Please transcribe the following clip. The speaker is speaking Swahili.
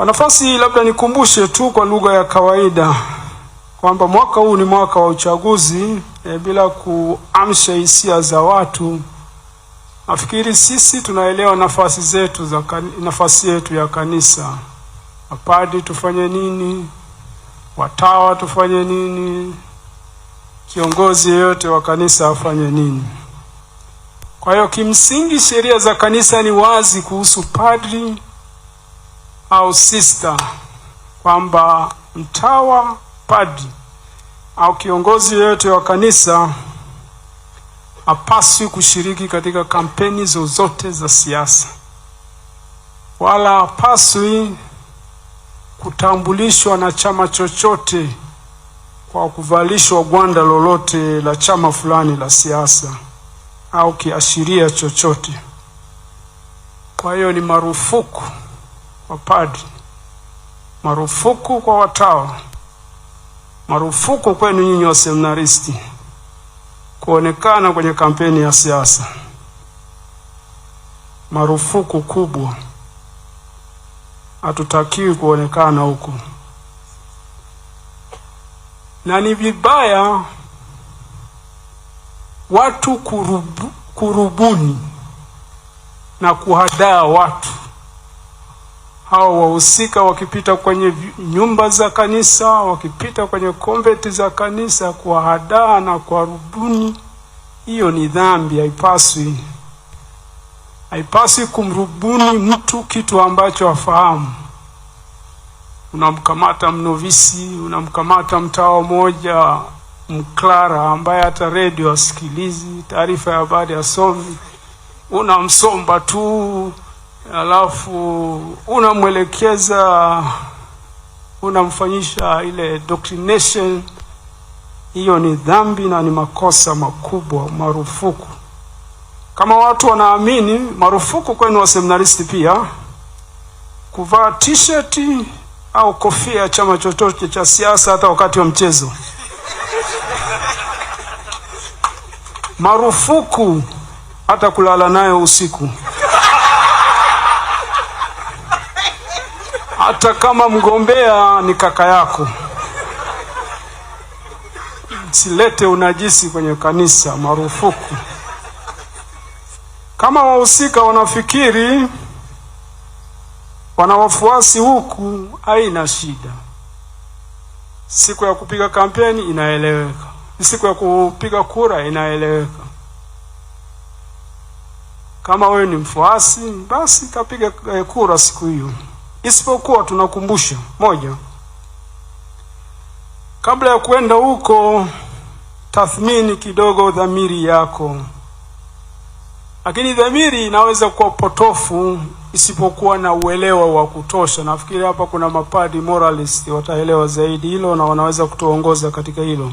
Kwa nafasi labda nikumbushe tu kwa lugha ya kawaida kwamba mwaka huu ni mwaka wa uchaguzi e, bila kuamsha hisia za watu. Nafikiri sisi tunaelewa nafasi zetu za kan, nafasi yetu ya kanisa. Mapadi tufanye nini? Watawa tufanye nini? Kiongozi yeyote wa kanisa afanye nini? Kwa hiyo kimsingi sheria za kanisa ni wazi kuhusu padri au sister kwamba mtawa, padri au kiongozi yeyote wa kanisa hapaswi kushiriki katika kampeni zozote za siasa, wala hapaswi kutambulishwa na chama chochote kwa kuvalishwa gwanda lolote la chama fulani la siasa au kiashiria chochote. Kwa hiyo ni marufuku wapadri, marufuku kwa watawa, marufuku kwenu nyinyi wa seminaristi kuonekana kwenye kampeni ya siasa, marufuku kubwa. Hatutakiwi kuonekana huku, na ni vibaya watu kurubu, kurubuni na kuhadaa watu hao wahusika wakipita kwenye nyumba za kanisa, wakipita kwenye konventi za kanisa kwa hadaa na kwa rubuni, hiyo ni dhambi, haipaswi haipaswi kumrubuni mtu kitu ambacho afahamu. Unamkamata mnovisi, unamkamata mtawa moja mklara ambaye hata redio asikilizi, taarifa ya habari asomi, unamsomba tu alafu unamwelekeza unamfanyisha ile doctrination. Hiyo ni dhambi na ni makosa makubwa, marufuku. Kama watu wanaamini, marufuku kwenu wa seminaristi pia kuvaa t-shirt au kofia ya chama chochote cha siasa, hata wakati wa mchezo marufuku, hata kulala nayo usiku. hata kama mgombea ni kaka yako. Silete unajisi kwenye kanisa, marufuku. Kama wahusika wanafikiri wana wafuasi huku, haina shida. Siku ya kupiga kampeni inaeleweka, siku ya kupiga kura inaeleweka. Kama wewe ni mfuasi, basi kapiga eh, kura siku hiyo. Isipokuwa tunakumbusha moja, kabla ya kuenda huko, tathmini kidogo dhamiri yako, lakini dhamiri inaweza kuwa potofu isipokuwa na uelewa wa kutosha. Nafikiri hapa kuna mapadi moralist wataelewa zaidi hilo na wanaweza kutuongoza katika hilo.